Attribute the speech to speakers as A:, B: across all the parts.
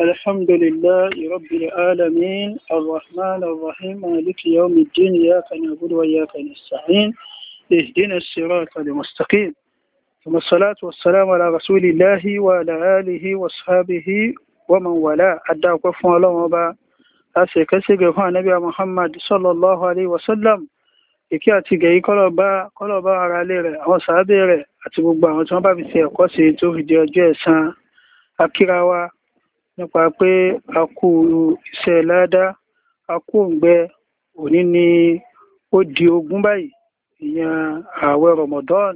A: الحمد لله رب العالمين الرحمن الرحيم مالك يوم الدين إياك نعبد وإياك نستعين اهدنا الصراط المستقيم ثم الصلاة والسلام على رسول الله وعلى آله وصحبه ومن والاه أدى قفوا الله وبا أسكسك نبي محمد صلى الله عليه وسلم ìkí àti gẹ̀yí kọ́lọ̀bá kọ́lọ̀bá ara ilé rẹ̀ àwọn sàábẹ̀ rẹ̀ àti gbogbo àwọn tí wọ́n bá fi ṣe ẹ̀kọ́ sí tó fi di ọjọ́ ẹ̀san akírawa nípa pé a kú iṣẹ́ ládá a kú òǹgbẹ òní ni ó di ogún báyìí ìyẹn ààwẹ̀ Ramadan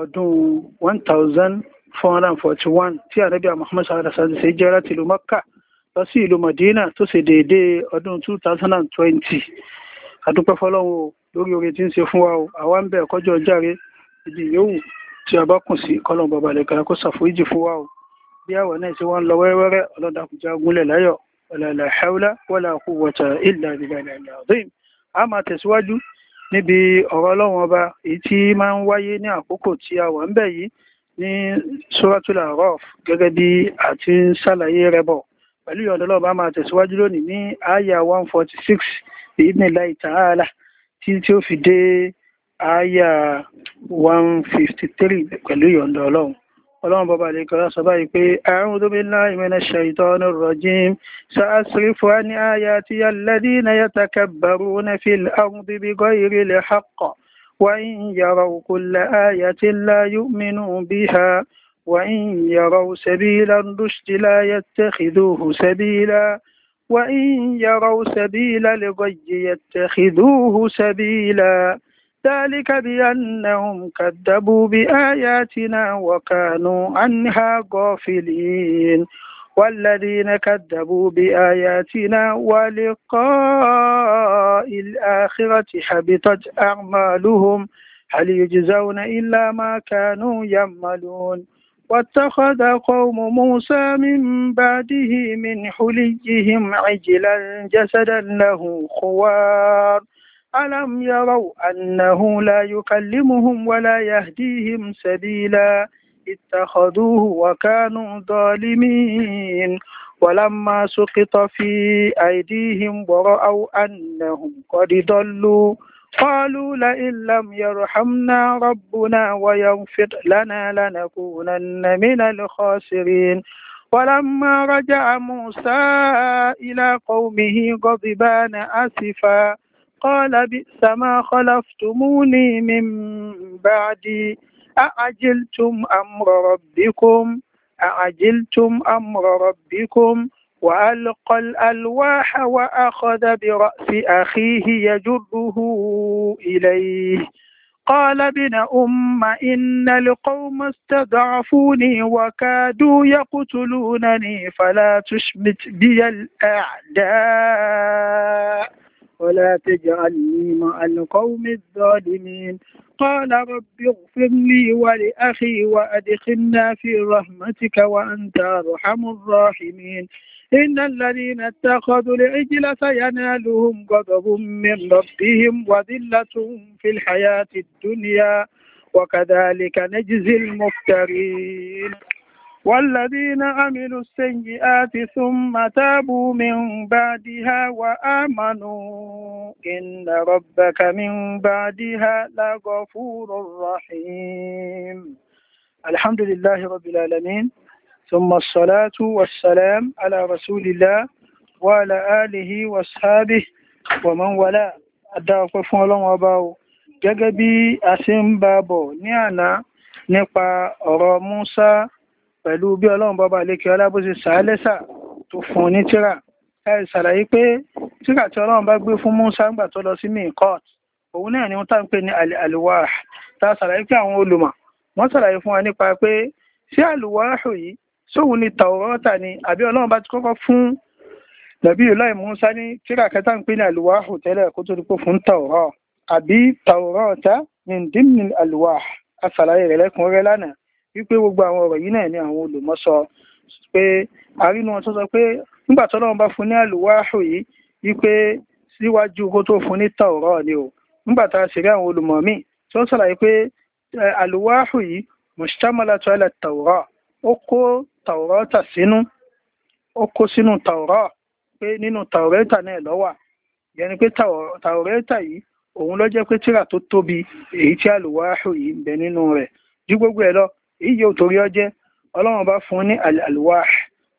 A: ọdún one thousand four hundred and forty one tí ànábì Muhammad sallallahu alaihi wasallam ṣe jẹ́ láti ìlú Mẹ́kà lọ sí ìlú Madina tó ṣe déédéé ọdún two thousand and twenty adúpẹ́ fọlọ́run lórí oore tí ń ṣe fún wa o àwa ń bẹ̀ kọjọ́ járe ibi yòówù tí a bá kùn sí kọ́lọ́n bàbá lẹ́kàrà kó ṣàforíjì fún wa o bí àwọ̀ náà ṣe wọ́n lọ wẹ́rẹ́wẹ́rẹ́ ọlọ́dàkùnjá gúnlẹ̀ láyọ̀ ọ̀làlà haúlá wọ́là kú wọ̀tà ìlà ìlànà àdéhùn a máa tẹ̀síwájú níbi ọ̀rọ̀ ọlọ́run ọba èyí tí máa ń wáyé ní àkókò tí a wà ń bẹ̀ yìí ní 146 bi'idhnillahi ta'ala tí tí ó fi 153 pẹ̀lú ìyọ̀ǹda ọlọ́run bọ́ba lè kọ́ra sọ báyìí pé a'udhu billahi minash shaitanir rajim sa'asrifu an ayati alladhina yatakabbaruna fil ardi bighayril haqq wa in yaraw kulla ayatin la yu'minu biha wa in yaraw sabila rushdi la yattakhiduhu sabila wa in yaraw sabila al-ghayyi yattakhiduhu sabila. ذلك بأنهم كذبوا بآياتنا وكانوا عنها غافلين والذين كذبوا بآياتنا ولقاء الآخرة حبطت أعمالهم هل يجزون إلا ما كانوا يعملون واتخذ قوم موسى من بعده من حليهم عجلا جسدا له خوار ألم يروا أنه لا يكلمهم ولا يهديهم سبيلا اتخذوه وكانوا ظالمين ولما سقط في أيديهم ورأوا أنهم قد ضلوا قالوا لئن لم يرحمنا ربنا ويغفر لنا لنكونن من الخاسرين ولما رجع موسى إلى قومه غضبان أسفا قال بئس ما خلفتموني من بعدي أعجلتم أمر ربكم أعجلتم أمر ربكم وألقى الألواح وأخذ برأس أخيه يجره إليه قال ابن أم إن القوم استضعفوني وكادوا يقتلونني فلا تشمت بي الأعداء ولا تجعلني مع القوم الظالمين قال رب اغفر لي ولأخي وأدخلنا في رحمتك وأنت أرحم الراحمين إن الذين اتخذوا العجل سينالهم غضب من ربهم وذلة في الحياة الدنيا وكذلك نجزي المفترين والذين عملوا السيئات ثم تابوا من بعدها وآمنوا إن ربك من بعدها لغفور رحيم الحمد لله رب العالمين ثم الصلاة والسلام على رسول الله وعلى آله وأصحابه ومن والاه adáwọ̀pẹ́ fún ọlọ́run ọba o gẹ́gẹ́ bí a ṣe ń pẹ̀lú bí ọlọ́run bọ́ba lékè ọlá bó ṣe sàálẹ́sà tó fún un ní tíra ẹ ṣàlàyé pé tíra tí ọlọ́run bá gbé fún Musa ńgbà tó lọ sí minkot òun náà ni wọ́n tàn pé ní àlùwárà tá a ṣàlàyé pé àwọn olùmọ̀ wọ́n ṣàlàyé fún wa nípa pé ṣé àlùwárà yìí sóhun ni tàwọ́rọ́tà ni àbí ọlọ́run bá ti kọ́kọ́ fún nàbí ìlọ́ì Musa ní tíra kẹta ń pè ní àlùwárà tẹ́lẹ̀ kó tó di fún tàwọ́rọ́ wípé gbogbo àwọn ọ̀rọ̀ yìí náà ni àwọn olùmọ̀ sọ pé àrínú wọn tó sọ pé nígbà tó lọ́wọ́ bá fún ní àlùwáhù yìí wípé síwájú kó tó fún ní tàwọ̀rọ̀ ni o nígbà tá a sì rí àwọn olùmọ̀ míì tí wọ́n sọ̀rọ̀ pé àlùwáhù yìí mushtamalatu ala tàwọ̀rọ̀ ó kó tàwọ̀rọ̀ tà sínú ó kó sínú tàwọ̀rọ̀ pé nínú tàwọ̀rẹ́tà náà lọ́wà yẹni pé tàwọ̀rẹ́tà yìí òun ló jẹ́ pé tíra tó tóbi èyí tí àlùwáhù yìí ń bẹ nínú rẹ̀ ju gbogbo ẹ̀ lọ iye òtòrí ọjẹ́ ọlọ́run bá fún ní alwah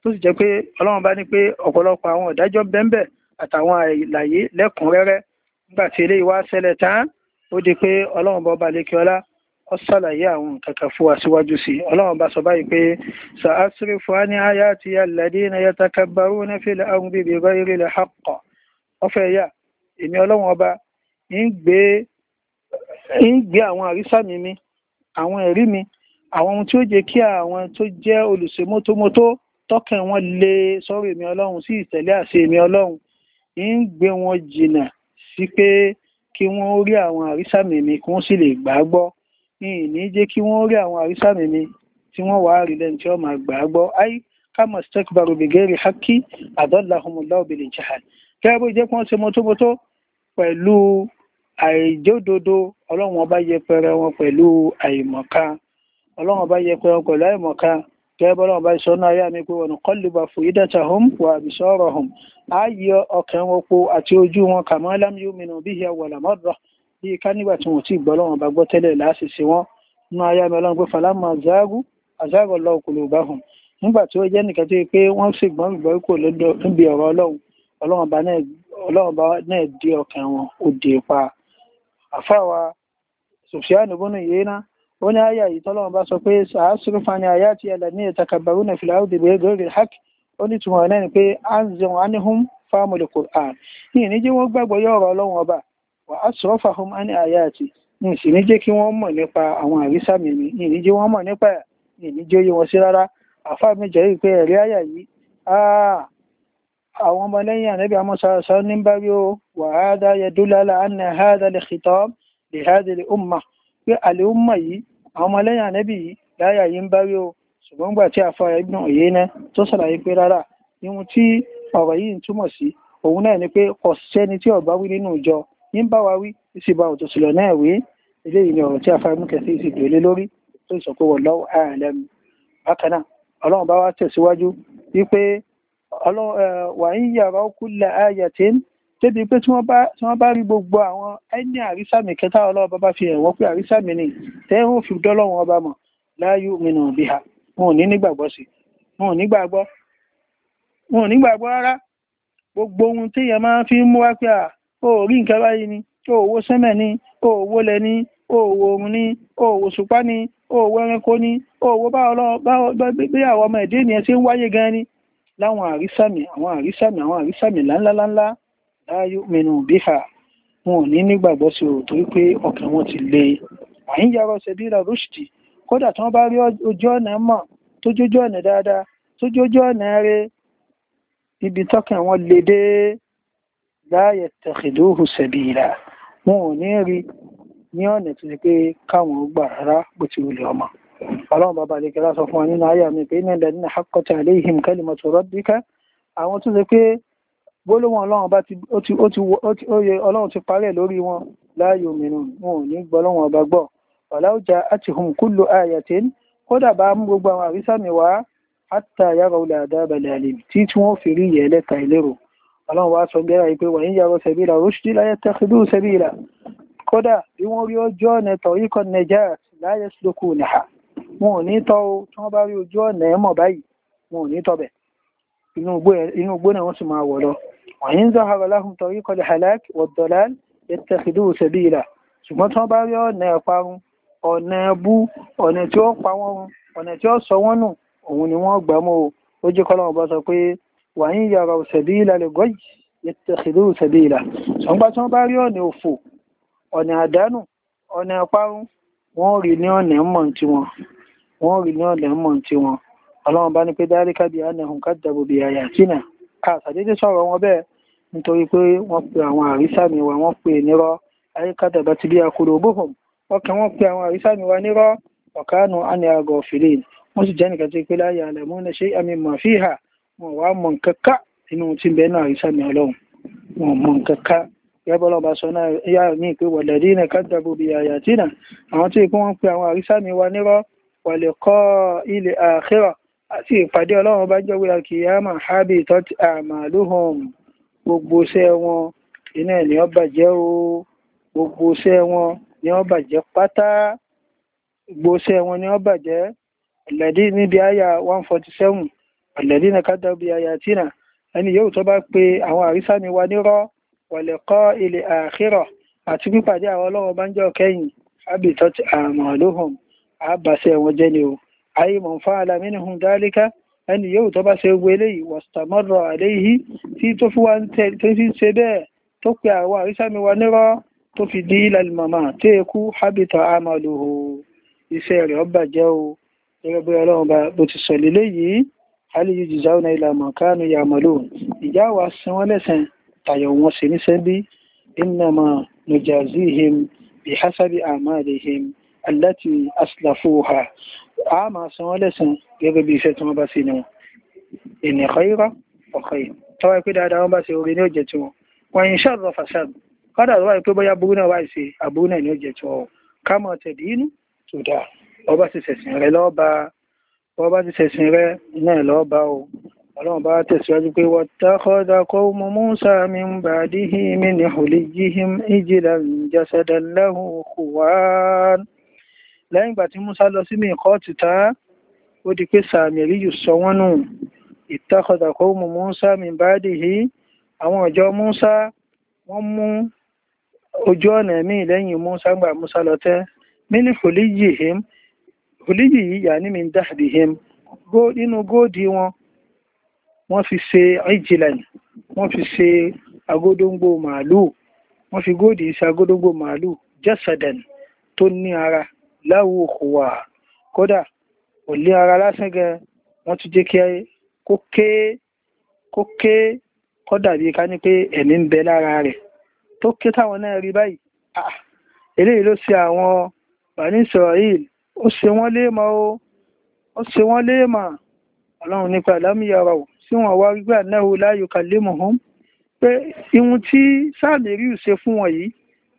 A: tó sì jẹ́ pé ọlọ́run bá ní pé ọ̀pọ̀lọpọ̀ àwọn ìdájọ́ bẹ́ńbẹ̀ àtàwọn àìlàyé lẹ́kùnrẹ́rẹ́ nígbà tí eléyìí wá ṣẹlẹ̀ tán ó di pé ọlọ́run bá ọba lẹ́kẹ́ọ́lá ó ṣàlàyé àwọn kankan fún wa síwájú sí i ọlọ́run bá sọ báyìí pé sàásírì fúnni ayá ti alladina yatakabaruna fil ardi bighayri al-haqq ọfẹ́ yà èmi ọlọ́run ọba ń gbé àwọn àrísà mi mi àwọn ẹ̀rí mi àwọn ohun tí ó jẹ́ kí àwọn tó jẹ́ olùṣèmótómótó tọ́kàn wọn lè sọ̀rọ̀ èmi ọlọ́run sí ìtẹ̀lé àṣẹ èmi ọlọ́run ń gbé wọn jìnnà sí pé kí wọ́n rí àwọn àrísàmì mi kí wọ́n sì lè gbà á jẹ́ kí wọ́n rí àwọn àrísàmì mi tí wọ́n wà rí lẹ́nu tí wọ́n máa gbà á gbọ́ ayé kama stekbaru bigeri haki adọ́lahumulawo bèlè jahal kẹ́rẹ́ bó jẹ́ kí wọ́n ṣe mọ́tómọ́tó pẹ̀lú àìjódodo ọlọ́run ọba yẹpẹrẹ wọn pẹ̀lú àìmọ̀kan ọlọ́run ọba yẹ pé ọkọ̀ láì mọ̀ká gẹ́gẹ́ ọlọ́run ọba ìṣọ́nà ayá mi pé wọn kọ́ lè bá fò yí dẹ́ta hom wà àbíṣọ́rọ̀ hom á yẹ ọkàn wọn po àti ojú wọn kà mọ́ lámì omi nù bí ìyá wọ̀là mọ́dọ̀ bí ká nígbà tí wọn ti gbọ́ ọlọ́run ọba gbọ́ tẹ́lẹ̀ láàṣìṣe wọn nú ayá mi ọlọ́run pé falama azagu azagu ọlọ́run kò lè bá hom nígbà tí ó jẹ́ nìkan tó yẹ pé wọ́n sì gbọ́n gbọ́ kò lọ́dọ̀ níbi ọ̀rọ̀ ọlọ́run ọlọ́run ọba náà dé ọkàn wọn ó dé pa àfáwa Sufyan ibn Uyayna ó ní àyà yìí tọ́lọ́run bá sọ pé sàásùrù fani àyà ti ẹlẹ̀ ní ìtakabaru na filawo dìbò egorì hak ó ní tùmọ̀ náà ni pé anzun anihum fámùlì Qur'an ní ìníjí wọn gbàgbọ́ yọ ọ̀rọ̀ ọlọ́run ọba wà á sọ fàhùn á ní àyà àti ní sì ní jẹ́ kí wọ́n mọ̀ nípa àwọn àrísà mìíní ní ìníjí wà á dá yẹ àlè ó mà yìí àwọn ọmọlẹ́yìn ànẹ́bì láyà yìí ń bá rí o ṣùgbọ́n gbà tí àfà òye Uyayna tó ṣàlàyé pé rárá ihun tí ọ̀rọ̀ yìí ń túmọ̀ sí òun náà ni pé kò sẹ́ni tí ọ̀bá wí nínú ìjọ bá wa wí sí ba òtò sílọ̀ náà wí eléyìí ni ọ̀rọ̀ tí àfà Ibn Kathir sì gbélé lórí tó sọ pé wọ́n bákan náà ọlọ́run bá wa tẹ̀síwájú wípé wàá yàrá débi pé tí wọ́n bá rí gbogbo àwọn ẹni àrísàmì kẹta ọlọ́ọ̀bá bá fi ẹ̀wọ́ pé àrísàmì ni tẹ́rù fi dọ́lọ́wọ́n ọba mọ̀ láyú mìnà bí ha wọn ò ní nígbàgbọ́ sí wọn ò nígbàgbọ́ wọn ò nígbàgbọ́ rárá gbogbo ohun tí yẹn máa fi ń mú wá pé à ó rí nǹkan báyìí ni ó owó sẹ́mẹ̀ ni ó owó lẹ ni ó owó oòrùn ni ó owó ṣùpá ni ó owó ẹranko ni ó owó báwọn ọmọ ẹ̀dẹ́ ènìyàn ṣe ń wáyé gan ni láwọn àrísàmì àwọn àrísàmì àwọn àrísàmì láńláńlá láyú mẹ́nu bíhà wọn ò ní nígbàgbọ́ sí o torí pé ọkàn wọn ti le àyín yàrá ọ̀sẹ̀ bí ra rúṣìtì kódà tí wọ́n bá rí ojú ọ̀nà mọ̀ tó jójú ọ̀nà dáadáa tó jójú ọ̀nà rẹ ibi tọ́kàn wọn le dé láyẹ̀ tẹ̀kìdóhù sẹ̀bìlà wọn ò ní rí ní ọ̀nà tó ti pé káwọn gbà rárá bó ti wulẹ̀ ọmọ ọlọ́run bàbá àlekẹ́lá sọ fún wa nínú ayé àmì pé iná nínú àkọ́tà àléhìm kẹ́lìmọ̀ tó rọ́bíkẹ́ àwọn tó ti pé gbólóhùn ọlọ́run bá ti ó yẹ ọlọ́run ti parẹ́ lórí wọn láàyò mìíràn wọn ò ní gbọ́ lọ́wọ́n ọba gbọ́ ọ̀làwùjá àti hùn kúlò àyàtẹ́ kódà bá mú gbogbo àwọn àrísàmì wá àtà yàrá olè àdábalẹ̀ àlè tí tí wọ́n fi rí yẹ lẹ́ta ìlérò ọlọ́run wá sọ gẹ́ra pé wà ń yàrá sẹ́bíra rúṣdí láyé tẹ́kídú sẹ́bíra kódà bí wọ́n rí وإن ظهر لهم طريق الهلاك والضلال يتخذوه سبيلا ṣùgbọ́n tí wọ́n bá rí ọ̀nà ẹ̀parun ọ̀nà ẹbú ọ̀nà tí ó pa wọ́n run ọ̀nà tí ó sọ wọ́n nù òun ni wọ́n gbà mọ́ ó jẹ́ kọ́lọ́wọ́ bá sọ pé wà ń yàrá sabila al-ghayy yattakhidhuhu sabila ṣùgbọ́n tí wọ́n bá rí ọ̀nà òfò ọ̀nà àdánù ọ̀nà ẹ̀parun wọ́n rí ní ọ̀nà ẹ̀mọ̀ tí wọn wọ́n rí ní ọ̀nà ẹ̀mọ̀ tí wọn ọlọ́run bá ní pé dhalika bi annahum kaddabu bi ayatina a ṣàdédé sọ̀rọ̀ wọn bẹ́ẹ̀ nítorí pé wọ́n pe àwọn àrísàmì wa wọ́n pe nírọ́ ayékádàbà ti bí akúrò bóhùn ọkàn wọ́n pe àwọn àrísàmì wa nírọ́ ọ̀kánù àni àgọ̀ òfìlín wọ́n sì jẹ́ nìkan tí pé láyé àlẹ̀mú ní ṣe àmì mọ̀ fi hà wọn wá mọ̀ kẹ́kẹ́ inú tí ń bẹ náà àrísàmì ọlọ́run wọn mọ̀ kẹ́kẹ́ yẹ́bọ́lọ́ bá sọ náà yá ní ìpé wọ̀lẹ̀dí ní kádàbù bí àyàtínà àwọn tí wọ́n pe àwọn àrísàmì wa nírọ́ wọ̀lẹ̀kọ́ ilẹ̀ àkhírà àti ìpàdé ọlọ́run ọba jẹ́ wíra kìyàmà hábì tọ́tí àmàlúhùn gbogbo iṣẹ́ wọn iná ẹ̀ ní ó bàjẹ́ o gbogbo iṣẹ́ wọn ní ó bàjẹ́ pátá gbogbo iṣẹ́ wọn ní ó bàjẹ́ ọ̀lẹ́dí níbi àyà 147 ọ̀lẹ́dí na kádà bí àyà tínà ẹni yóò tó bá pe àwọn àrísá ni wa nírọ́ wọ̀lẹ̀kọ́ ilẹ̀ àkírọ̀ àti pípàdé àwọn ọlọ́run ọba ń jẹ́ ọ̀kẹ́yìn hábì tọ́tí àmàlúhùn àbàṣẹ wọn jẹ́ ni o ayé mọ̀ ń fa alamínú hun dálíkà ẹni yóò tó bá ṣe gbé eléyìí wọ̀sítàmọ́rọ̀ àléyìí tí tó fi wá ń ṣe bẹ́ẹ̀ tó pe àwọn àrísàmì wa nírọ́ tó fi di ìlàlìmọ̀mà tí ekú hábìtọ̀ àmàlùhù iṣẹ́ rẹ̀ ọba jẹ́ o gẹ́gẹ́ bí ọlọ́run bá bó ti sọ lélé yìí aliyu jìzáwọ́nà ìlànà kánú yàmàlù ìjà wa sin wọ́n lẹ́sẹ̀ tayọ̀ wọn sí níṣẹ́ bí innama nujazihim bihasabi amalihim aláti aslafuha a máa san wọ́n lẹ́sàn gẹ́gẹ́ bí iṣẹ́ tí wọ́n bá ṣe ni wọn ìní khayra fa khayr tọ́wọ́ ipé dáadáa wọ́n bá ṣe orí ní òjẹ̀ tí wọn wọ́n yìí ṣàrọ̀ fàṣàd kọ́dà tó wáyé pé bóyá burú náà wáyé ṣe àbúrú náà ní òjẹ̀ tí wọn ká mọ̀ tẹ̀dí inú tó dáa ọba ti ṣẹ̀sìn rẹ lọ́ba ọba ti ṣẹ̀sìn rẹ náà lọ́ba o ọlọ́run bá tẹ̀síwájú pé wattakhadha qawmu Musa min ba'dihi min huliyyihim ijlan jasadan lahu khuwan lẹ́yìn ìgbà tí musa lọ sí mìkọ́ọ̀tì tá ó di pé sàmìrí yìí sọ wọ́n nù ìtàkọ̀dà kó mú musa min ba'dihi àwọn ọ̀jọ́ musa wọ́n mú ojú ọ̀nà ẹ̀mí lẹ́yìn musa gbà musa lọ tẹ́ mílí huliyihim huliyi yìí yà ní min dahdihim nínú góòdì wọn wọ́n fi ṣe ìjìlẹ̀ wọ́n fi ṣe agódóńgbò màálù wọ́n fi góòdì ṣe agódóńgbò màálù jasadan tó ní ara láwùkúwà kódà kò lé ara lásán gan wọ́n tún jẹ́ kí kó ké kó dàbí ká ní pé ẹ̀mí ń bẹ lára rẹ̀ tó ké táwọn náà rí báyìí eléyìí ló ṣe àwọn bani Israel ó ṣe wọ́n léèmọ̀ o ó ṣe wọ́n léèmọ̀ ọlọ́run nípa ìlàmúyàrá o tí wọ́n wá rí gbà náà láàyò kàlémọ̀hún pé ihun tí sáàmì rí ṣe fún wọn yìí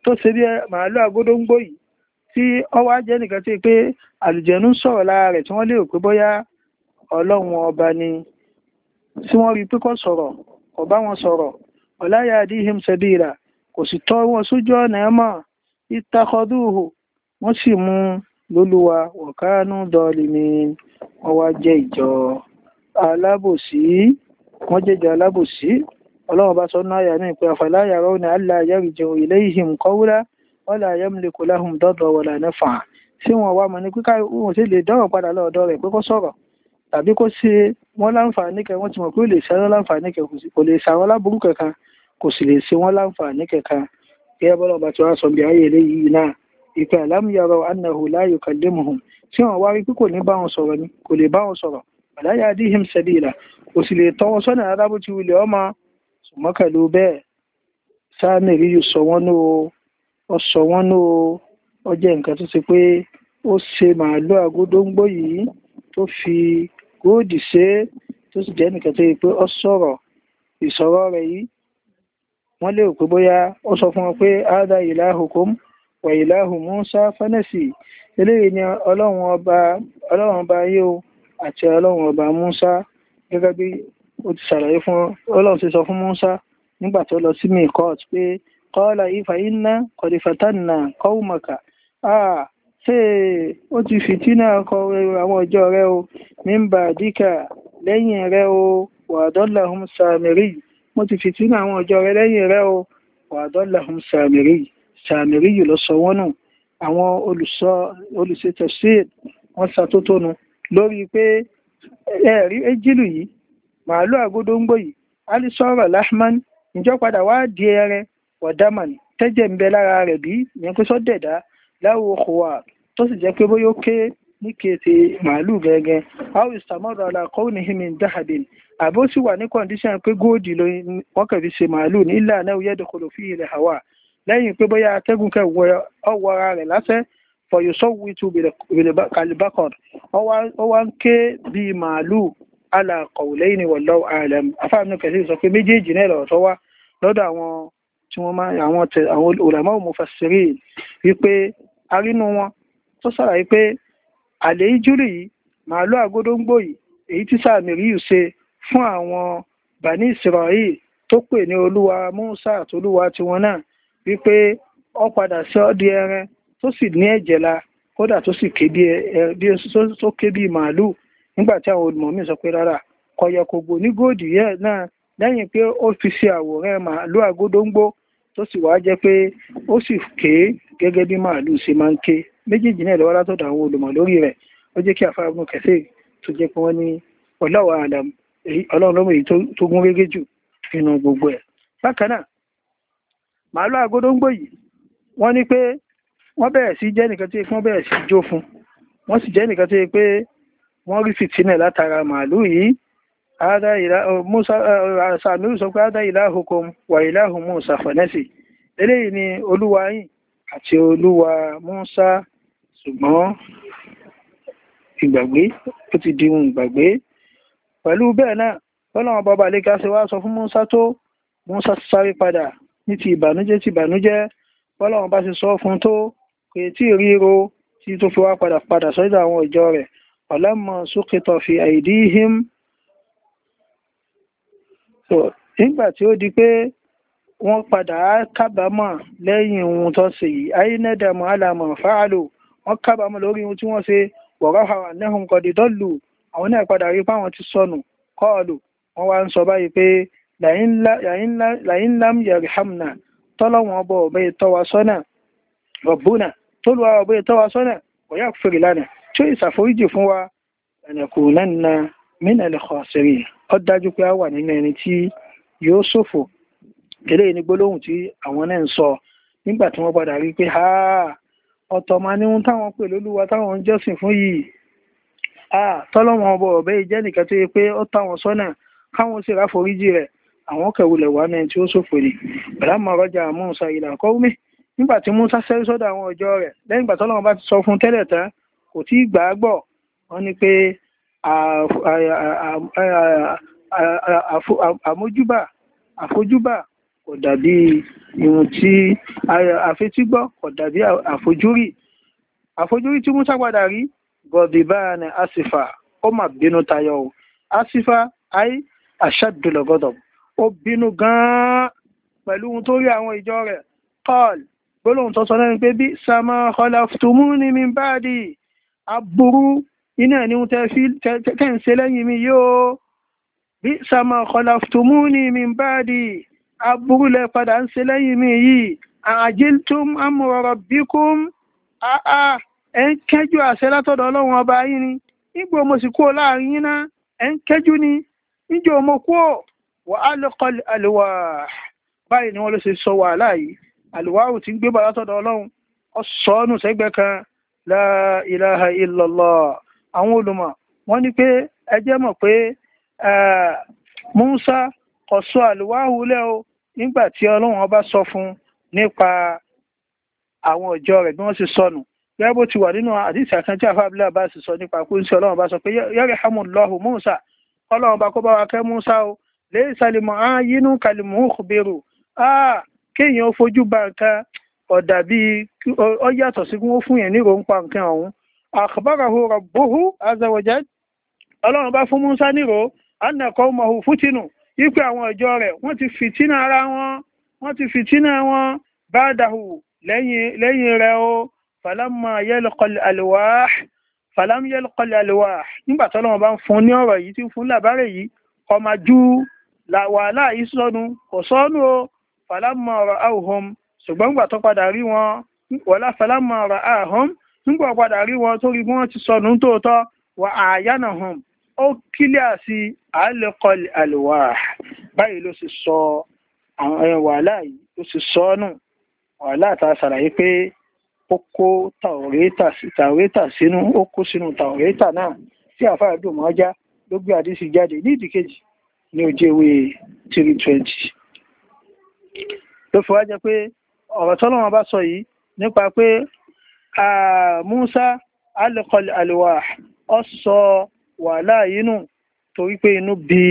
A: tó ṣe bí màálù agódóńgbò yìí tí ọwọ́ ajẹ́ nìkan tí pé àlùjẹ̀nu ń sọ̀rọ̀ lára rẹ̀ tí wọ́n lérò pé bóyá ọlọ́run ọba ni tí wọ́n rí pé kò sọ̀rọ̀ kò bá wọn sọ̀rọ̀ ọ̀láyà adíhìm sẹ́bìrà kò sì tọ́ wọn sójú ọ̀nà ẹ̀ mọ̀ ìtakọ̀dúhù wọ́n sì mú lólúwa wọ̀kánú dọ́ọ̀lì ni wọ́n wá jẹ́ ìjọ alábòsí wọ́n jẹ́jọ alábòsí ọlọ́run bá sọ náà yà ní ìpè àfàláyà rọ́ọ̀nì aláyà rìjọ ilé ìhìm kọ́wúrá wala yamliku lahum dọ́dọ̀ wala nafa'a tí wọ́n wá mọ̀ ní pé káyọ̀ òun sì lè dọ́rọ̀ padà lọ́ọ̀dọ́ rẹ̀ pé kó sọ̀rọ̀ tàbí kó ṣe wọ́n láǹfààní kẹ wọ́n ti mọ̀ pé ó lè ṣe wọ́n láǹfààní kẹ kò lè ṣàwọn láburú kankan kò sì lè ṣe wọ́n láǹfààní kankan bí ẹ bọ́lọ̀ bá ti wá sọ bí ayé eléyìí náà ìpè àlámúyàrá annahu la yukallimuhum tí wọ́n wá rí pé kò ní bá wọn sọ̀rọ̀ ni kò lè bá wọn sọ̀rọ̀ wala yadihim sabila kò sì lè tọ́ sọ́nà rárá wulẹ̀ ọmọ ṣùgbọ́n bẹ́ẹ̀ sáà nìrí yìí sọ wọ́n ní o ọsọ wọn ní o ó jẹ́ nǹkan tó ṣe pé ó ṣe màálù àgódóńgbò yìí tó fi góòdì ṣe é tó sì jẹ́ nìkan tó yẹ pé ó sọ̀rọ̀ ìsọ̀rọ̀ rẹ̀ yìí wọ́n lè pé bóyá ó sọ fún wọn pé ádá ìlàhùkún wà ìlàhù Musa fánẹ́sì eléyìí ni ọlọ́run ọba yíò àti ọlọ́run ọba Musa gẹ́gẹ́ bí ó ti ṣàlàyé fún ọlọ́run ti sọ fún Musa nígbà tó lọ sí mi court pé kọ́ọ́lá ifá iná kọ̀dífàtánà kọ́ùmọ̀kà àà ṣe ó ti fìtínà kọ àwọn ọjọ́ rẹ o mímbà díkà o wàdọ́là hum sàmìrì mo ti fitina rẹ o wàdọ́là hum sàmìrì sàmìrì yìí lọ sọ wọ́n nù àwọn olùṣètẹ̀síl wọ́n ṣàtótónu lórí pé ẹ̀rí yi, maalu màálù àgódóńgbò yìí lahman ìjọ di wàdámà tẹ́jẹ̀ ń bẹ lára rẹ̀ bí ìyẹn pé sọ́dẹ̀dá láwo kòwà tó sì jẹ́ pé bóyá ó ké ní kété màálù gẹ́gẹ́ how is tamara ala kọ́ọ̀nì himi dahabin àbó sì wà ní kọ́ndíṣàn pé góòdì ló wọ́n kàn fi ṣe màálù ní ilà náà yẹ́ dòkòlò fi ilẹ̀ hàwà lẹ́yìn pé bóyá atẹ́gùn kẹ́ ọwọ́ ara rẹ̀ lásẹ́ fọyọsọwìtú kalibakọr ó wá ń ké bíi màálù ala qawlaini wallahu a'lam afáàmì kẹsì sọ pé méjèèjì náà lọ́tọ́ wá lọ́dọ̀ àwọn tí wọ́n máa àwọn tẹ àwọn ulama mufassirin wípé arínú wọn tó sàlàyé pé àlè ìjúlì yìí màálù àgódóńgbò yìí èyí tí sàmì ṣe fún àwọn bani israel tó pè ní olúwa musa àtolúwa tiwọn náà wípé ó padà sí ọdí ẹran tó sì ní ẹ̀jẹ̀ la kódà tó sì ké bí tó ké bí màálù nígbà tí àwọn olùmọ̀ mi sọ pé rárá ní góòdì yẹn tó sì wáá jẹ́ pé ó sì ké gẹ́gẹ́ bí màálùú ṣe máa ń ké méjèèjì náà lọ́wọ́ látọ̀dọ̀ àwọn olùmọ̀ lórí rẹ̀ ó jẹ́ kí àfáà ibùn kẹsẹ̀ tó jẹ́ pé wọ́n ní ọlọ́wọ́ àlàm ọlọ́run lọ́mọ èyí tó gún régé jù nínú gbogbo ẹ̀ bákan náà màálùú àgódóńgbò yìí wọ́n ní pé wọ́n bẹ̀rẹ̀ sí jẹ́ nìkan tí wọ́n bẹ̀rẹ̀ sí jó fún wọ́n sì jẹ́ nìkan tí pé wọ́n rí fìtínẹ̀ látara màálùú yìí ada ila uh, musa uh, uh, samiru sọ pé ada ilahukum wa ilahu musa fanasi eléyìí ni olúwa yín àti olúwa musa ṣùgbọ́n ìgbàgbé ó ti di ohun ìgbàgbé pẹ̀lú bẹ́ẹ̀ náà ọlọ́run bàbá àlékà ṣe wá sọ fún musa tó musa sáré padà ní ti ìbànújẹ́ ti ìbànújẹ́ ọlọ́run bá ṣe sọ fún tó kò tí ì ríro tí tó fi wá padà padà sọ́jà àwọn ìjọ rẹ̀ ọ̀lẹ́mọ̀ sókè tọ̀fì àìdíhìm so nígbà tí ó di pé wọ́n padà kábàámọ̀ lẹ́yìn ohun tó ṣe yìí ayé nẹ́dàmọ́ alàmọ̀ fáàlò wọ́n kábàámọ̀ lórí ohun tí wọ́n ṣe wọ̀rọ̀ àwọn anẹ́hùn kọ̀dídọ́lù àwọn náà padà rí fáwọn ti sọnù kọ́ọ̀lù wọ́n wá ń sọ báyìí pé làyín lam yarhamna tọ́lọ́wọ́n ọbọ̀ ọ̀bẹ tọ́wa sọ́nà rọ̀bùnà tólúwa ọbẹ tọ́wa sọ́nà ọ̀yà fèrè lánàá tí ó ìsàforíjì fún wa ẹ̀nẹ̀kù náà mínà lẹ́kọ̀ọ́ sẹ́rìn Ọ dájú pé a wà nínú ẹni tí yóò ṣòfò eléyìí ni gbólóhùn tí àwọn náà ń sọ nígbà tí wọ́n padà rí pé ọtọ ọ̀tọ̀ máa ní ohun táwọn pè lólúwa táwọn ń jọ́sìn fún yìí tọ́lọ́wọ́n ọbọ̀ ọ̀bẹ́ yìí nìkan tó yẹ pé ó táwọn káwọn sì ráforíjì àwọn ni ìlà Musa àwọn ìgbà bá ti sọ fún tán kò tí ì gbà á pé àmójúbà àfojúbà kò dàbí irun tí àfetígbọ́ kò dàbí àfojúrí àfojúrí tí musa padà rí gọbìbá ni asifa ó mà bínú tayọ o asifa ayé àṣàdùlọgọdọ ó bínú ganan pẹ̀lú ohun tó rí àwọn ìjọ rẹ̀ paul gbólóhùn tó sọ lẹ́nu pé bí sama khalaftumuni min ba'di aburú iná ni wọ́n tẹ́ ń ṣe lẹ́yìn mi yóò bí sàmà kọlàfùtùmù ní mi bá di abúrúlẹ̀ padà ń ṣe lẹ́yìn mi yìí àjíltùm amúrọ̀rọ̀ bíkún àà ẹ̀ ń kẹ́jú àṣẹ látọ̀dọ̀ ọlọ́run ọba yìí ni nígbò mo sì kúrò láàrin yín náà ẹ̀ ń kẹ́jú ni níjò mo kúrò wà á lọ́kọ̀ àlùwà báyìí ni wọ́n ló ṣe sọ wàhálà yìí àlùwà ò ti ń gbé bàrà tọ̀dọ̀ ọlọ́run ọ̀sọ́nù sẹ́gbẹ̀ẹ́ kan la ilaha illallah àwọn olùmọ̀ wọ́n ní pé ẹ jẹ́ mọ̀ pé Musa kò sọ àlùwáhùlẹ̀ o nígbà tí Ọlọ́run ọba sọ fún nípa àwọn ọjọ́ rẹ̀ bí wọ́n ṣe sọnù gẹ́gẹ́ bó ti wà nínú àdìsí àkànjẹ́ àfáàbílẹ̀ bá sì sọ nípa pé ń ṣe Ọlọ́run ọba sọ pé yarhamullahu Musa Ọlọ́run ọba kó bá wa kẹ́ Musa o lẹ́yìn sálẹ̀mọ̀ á yínú kàlìmù òkùbẹ̀rù á kéèyàn fojú ba nǹkan ọ̀dà ọ yàtọ̀ sí kí wọ́n fún yẹn ní ròǹpa nǹkan ọ̀hún àkbárahu rabbuhu azawajal ọlọ́run bá fún musa nírò anna qawmahu futinu ipe àwọn ìjọ rẹ̀ wọ́n ti fìtínà ara wọn wọ́n ti fìtínà wọn ba'dahu lẹ́yìn rẹ̀ o falamma yalqal alwah falam yalqal alwah nígbà tọ́lọ́run bá ń fún ní ọ̀rọ̀ yìí tí ń fún làbárẹ̀ yìí ọmọ ju wàhálà yìí kò sọnù o falamma ra'awhum ṣùgbọ́n gbà tó padà rí wọn wala falamma ra'ahum nígbà padà rí wọn tó rí ti sọnù tòótọ́ wà àyànà hàn ó kílẹ̀ sí àlẹ́kọ̀ọ́lì àlùwà báyìí ló sì sọ wàhálà yìí ló sì sọ nù wàhálà tá ṣàlàyé pé ó kó tàwétà sínú ó kó sínú tàwétà náà tí àfáà dùn mọ́ já ló gbé àdísì jáde ní ní 320 ló fi wá jẹ pé ọ̀rọ̀ tọ́lọ́wọ́n Musa alqal alwah ọ sọ wàhálà yìí nù torí pé inú bí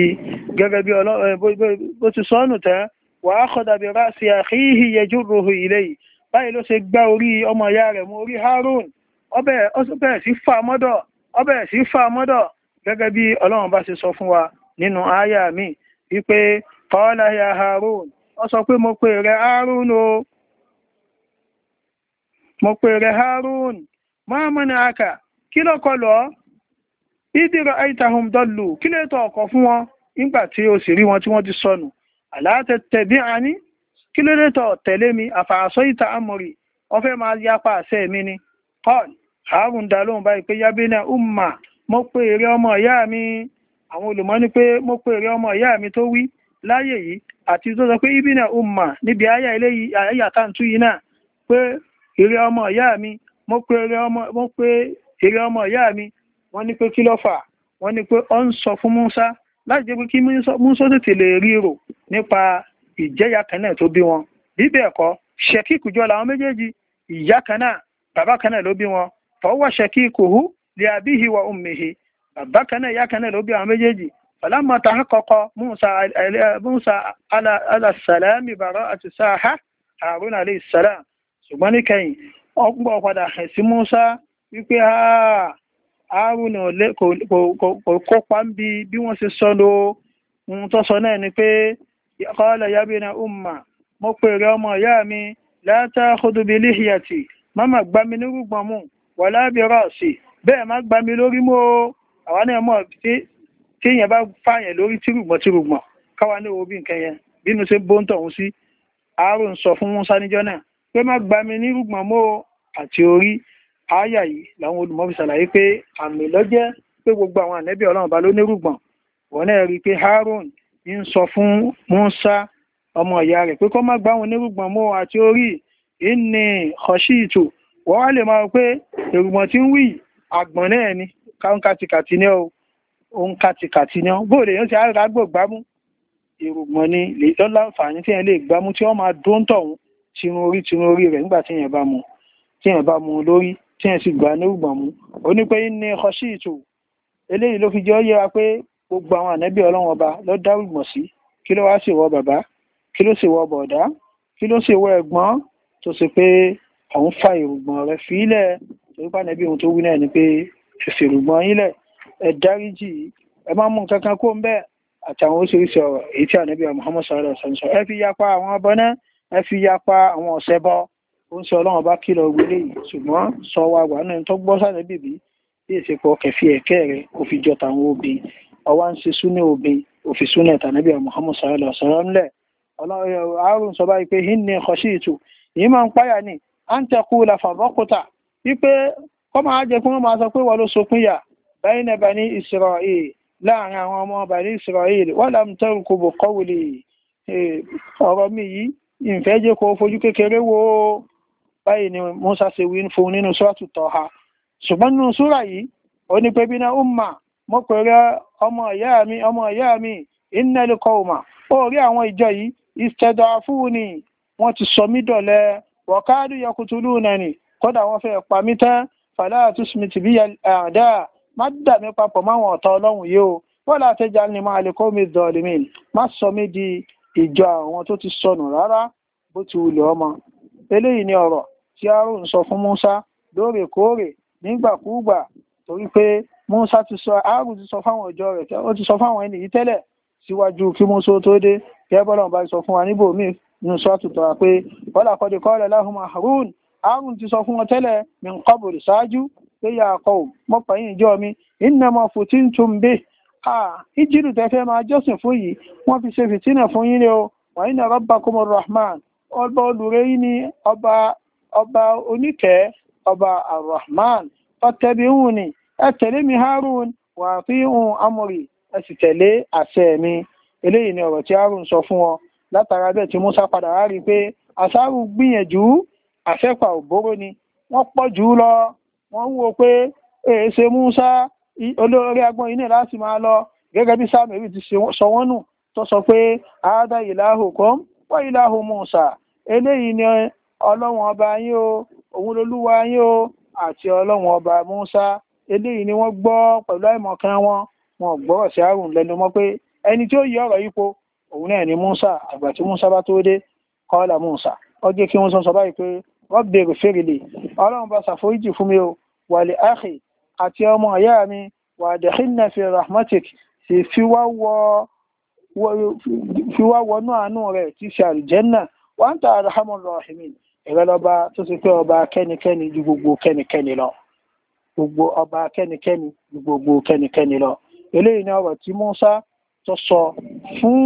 A: gẹ́gẹ́ bí eh, bó ti sọ́nù tẹ́ wà á kọ́dà bí ráàsì àkíhì yẹjú rohù ilé yìí báyìí ló ṣe gbá orí ọmọ ìyá rẹ̀ mú orí Harun ọbẹ̀ sí fà mọ́dọ̀ gẹ́gẹ́ bí ọlọ́run bá ṣe sọ fún wa nínú àyà mi wípé kọ́ọ́lá ya Harun ó sọ pé mo pè rẹ̀ Harun o mo peere harun mọ́mọ́nà aka kí ló kọ lọ́ ìdírọ̀ aitahum dọ́lù kí ló tọ̀ ọkọ̀ fún wọn nígbà tí o sì rí wọn tí wọ́n ti sọnù àlàátẹ tẹ̀bí àní kí ló tọ̀ tẹ̀lé mi àfàásọ ìta amòrì ọfẹ́ máa yapa àṣẹ mi ni paul harun dá báyìí pé umma mo peere ọmọ ìyá mi àwọn olùmọ́ pé mo ọmọ ìyá mi tó wí láyè yìí àti tó sọ pé ibina umma níbi ilé yìí yìí eré ọmọ ìyá mi mo pé eré ọmọ ìyá mi wọ́n ní pé kí ló fà wọ́n ní pé ó ń sọ fún Musa láti jẹ́ pé kí Musa tètè lè rí rò nípa ìjẹ́yà kan náà tó bí wọn bí bẹ́ẹ̀ kọ́ jọ làwọn méjèèjì ìyá kan náà bàbá kan náà ló bí wọn fọwọ́ Ṣẹ̀kíkù hù lè àbíhi wa ummihi bàbá kan náà ìyá kan náà ló bí àwọn méjèèjì فلما تحقق موسى موسى على على السلام براءة ساحة هارون عليه السلام ṣùgbọ́n níkẹyìn wọ́n púpọ̀ padà hẹ̀ sí Musa wípé Haruna kò kópa ń bi bí wọ́n ṣe sọ lo ohun tó náà ni pé qala ya umma mo pè rẹ ọmọ ìyá mi la ta'khudhu bi lihyati mama gbá mi nírúgbọ̀n mú wala bi ra'si bẹ́ẹ̀ má gbá mi lórí mú o àwa náà mọ̀ tí èèyàn bá fààyàn lórí tìrùgbọ̀n tìrùgbọ̀n káwa ní owó bí bínú ṣe bóńtọ̀ sí Harun sọ fún Musa níjọ́ náà pé má gba mi nírùgbọ̀n mọ́ àti orí àáyà yìí làwọn olùmọ̀ fi pé àmì lọ́jẹ́ pé gbogbo àwọn ànẹ́bí ọlọ́run bá ló nírùgbọ̀n wọn náà rí i pé Harun ń sọ fún Musa ọmọ ìyá rẹ̀ pé kó má gba àwọn onírùgbọ̀n mọ́ àti orí ìní ọ̀ṣìtò wọ́n wá lè máa pé èrùgbọ̀n tí ń wí àgbọ̀n náà ni káwọn kàtìkàtì ní o òun kàtìkàtì ní o bóòlù èèyàn ti àrà gbò gbámú èrùgbọ̀n ni lọ́láǹfààní tí yẹn lè gbámú tí wọ́n máa dún tọ̀hún tirun orí tirun orí rẹ̀ nígbà tí yẹn bá mu tí yẹn bá mu lórí tí yẹn sì gbà nírùgbọ̀n mu ó ní pé ní ọṣí ìtò eléyìí ló fi jẹ́ yẹra pé gbogbo àwọn ànẹ́bí ọlọ́run ọba ló dárùgbọ̀n sí kí ló wá sì wọ bàbá kí ló sì wọ bọ̀dá kí ló sì wọ ẹ̀gbọ́n tó sì pé òun fa ìrùgbọ̀n rẹ̀ fílẹ̀ torí pàǹdẹ́bí ohun tó wí náà ni pé ẹ̀fẹ̀ ìrùgbọ̀n yín lẹ̀ ẹ̀ dáríjì ẹ má mú nǹkan kan kó ń bẹ́ẹ̀ àtàwọn oríṣiríṣi ọ̀rọ̀ èyí tí ànẹ́bí Muhammad sallallahu alaihi wasallam ẹ fi yapa àwọn ọbọ náà ẹ fi yapa àwọn ọ̀sẹ̀ bọ́ ó ń sọ ọlọ́run bá kìlọ̀ wọlé yìí ṣùgbọ́n sọ wa wà náà tó gbọ́ sáré bìbí bí ìsìnkú kẹfì ẹ̀kẹ́ rẹ̀ kò fi jọ tàwọn obìn ọwá ń ṣe súnà obìn òfin súnà tànàbí Muhammad sallallahu alaihi wasallam lẹ̀ àrùn sọ báyìí pé hinni khashitu yìí máa ń páyà ní à ń tẹ̀kú la fàbọ́kúta wípé kọ́ máa jẹ fún máa sọ pé wọ́n ló sopinya bayna bani Isra'il láàrin àwọn ọmọ bani Isra'il wọ́n làm tẹ́rù bò kọ́wùlì ọ̀rọ̀ mi yìí ìfẹ́ jẹ́ kó fojú kékeré wo báyìí ni Musa ṣe wí fún nínú sọ́ọ̀tù tọ́ha ṣùgbọ́n nínú súrà yìí ó ní pé bíná umma mo pèrè ọmọ ìyá mi ọmọ ìyá mi innal qawma ó rí àwọn ìjọ yìí istadafuni wọ́n ti sọ mí dọ̀lẹ́ wọ̀kádù yaqtulunani kódà wọ́n fẹ́ pa mí tán fala tusmit biya àdá má dà mí papọ̀ máwọn ọ̀tá ọlọ́run yìí o wala tajalni ma'al ìjọ àwọn tó ti sọnù rárá bó ti wulẹ̀ ọmọ eléyìí ni ọ̀rọ̀ tí Aaron sọ fún Musa lóòrèkóòrè nígbàkúùgbà torí pé Musa ti sọ Aaron ti sọ fáwọn ìjọ rẹ̀ ó ti sọ fáwọn ẹni yìí tẹ́lẹ̀ síwájú kí Musa tó dé gẹ́gẹ́ bọ́lá ọba sọ fún wa níbò míì nínú sọ́ọ̀tù tọ́ra pé bọ́lá kọ́ di kọ́ọ̀lẹ̀ láhùn Harun Aaron ti sọ fún wọn tẹ́lẹ̀ min qabl ṣáájú pé yà kọ́ ò mọ́pàá yìí ìjọ mi innama futintum ìjírù tẹ́fẹ́ máa jọ́sìn fún yìí wọ́n fi ṣe fìtínà fún yín o wa inna rabbakum arrahman ọba olùrẹ́ yìí ni ọba oníkẹ́ ọba arrahman fattabi'uni ẹ tẹ̀lé mi harun wa ati'u amri ẹ sì tẹ̀lé àṣẹ mi eléyìí ni ọ̀rọ̀ tí harun sọ fún ọ látara bẹ́ẹ̀ tí musa padà wá rí i pé àṣàrù gbìyànjú àṣẹ́pà òbóró ni wọ́n pọ̀ jù lọ wọ́n wò pé èèṣe musa olórí agbọ́n iná láti máa lọ gẹ́gẹ́ bí sáà mẹ́rin ti sọ wọ́n nù tó sọ pé àádá ìlàhù kan wá ìlàhù Mùsà eléyìí ni ọlọ́wọ̀n ọba yín o òun lolúwa yín o àti ọlọ́wọ̀n ọba Mùsà eléyìí ni wọ́n gbọ́ pẹ̀lú àìmọ̀kan wọn wọn gbọ́rọ̀ sí àrùn lẹ́nu mọ́ pé ẹni tí ó yí ọ̀rọ̀ yípo òun náà ni Mùsà àgbà tí Mùsà bá tó dé kọ́lá Mùsà ó jẹ́ kí wọ́n sọ báyìí pé wọ́n bèrè fèrèlè ọlọ́run bá ṣàforíjì fún mi o wàlẹ̀ áàkì àti ọmọ ìyá mi wàdàhínà fi rahmatik sì fi wá wọnú àánú rẹ̀ tí ṣe àlùjẹ́nà wọ́n ta arahamu rahimin ìrẹ́lọ́ba tó ti pé ọba kẹ́nikẹ́ni ju gbogbo kẹ́nikẹ́ni lọ gbogbo ọba kẹ́nikẹ́ni ju gbogbo kẹ́nikẹ́ni lọ eléyìí ni ọ̀rọ̀ tí Musa tó sọ fún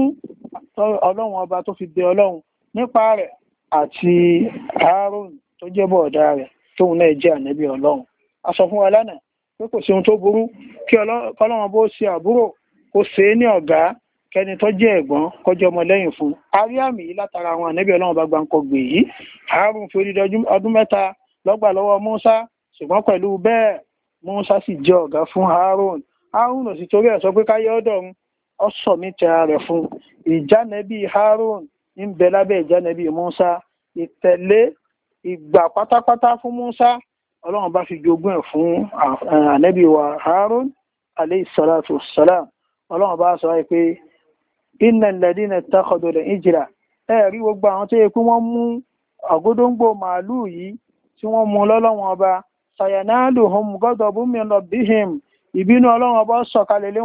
A: ọlọ́run ọba tó fi bẹ ọlọ́run nípa rẹ̀ àti Harun tó jẹ́ bọ̀ọ̀dá rẹ̀ tóun náà jẹ́ ànábì ọlọ́run a sọ fún wa lánàá pé kò sí ohun tó burú kí ọlọ́run bó ṣe àbúrò kó ṣe é ní ọ̀gá kẹni tó jẹ́ ẹ̀gbọ́n kọjọ́ ọmọ lẹ́yìn fún arí àmì yìí látara àwọn ànẹ́bí ọlọ́run bá gbáǹkọ gbè yìí àárùn fi odidi ọdún mẹ́ta lọ́gbà lọ́wọ́ Musa ṣùgbọ́n pẹ̀lú bẹ́ẹ̀ Musa sì jẹ́ ọ̀gá fún Harun Harun ò sì torí ẹ̀ sọ pé káyé ọ̀dọ̀ òun ọ sọ mí tẹra rẹ̀ fún ìjánẹ́bí Harun ń bẹ lábẹ́ ìjánẹ́bí Musa ìtẹ̀lé ìgbà pátápátá fún Musa ọlọ́run bá fi jogún ẹ̀ fún ànábì wa harun alayhi salatu wassalam ọlọ́run bá sọ pé inna alladhina ittakhadhu al-ijla ẹ rí gbogbo àwọn tó yẹ kí wọ́n mú àgódóńgbò màálù yìí tí wọ́n mú lọ́lọ́wọ́n ọba sayanaluhum ghadabun min rabbihim ìbínú ọlọ́run ọba sọ̀kalẹ̀ lé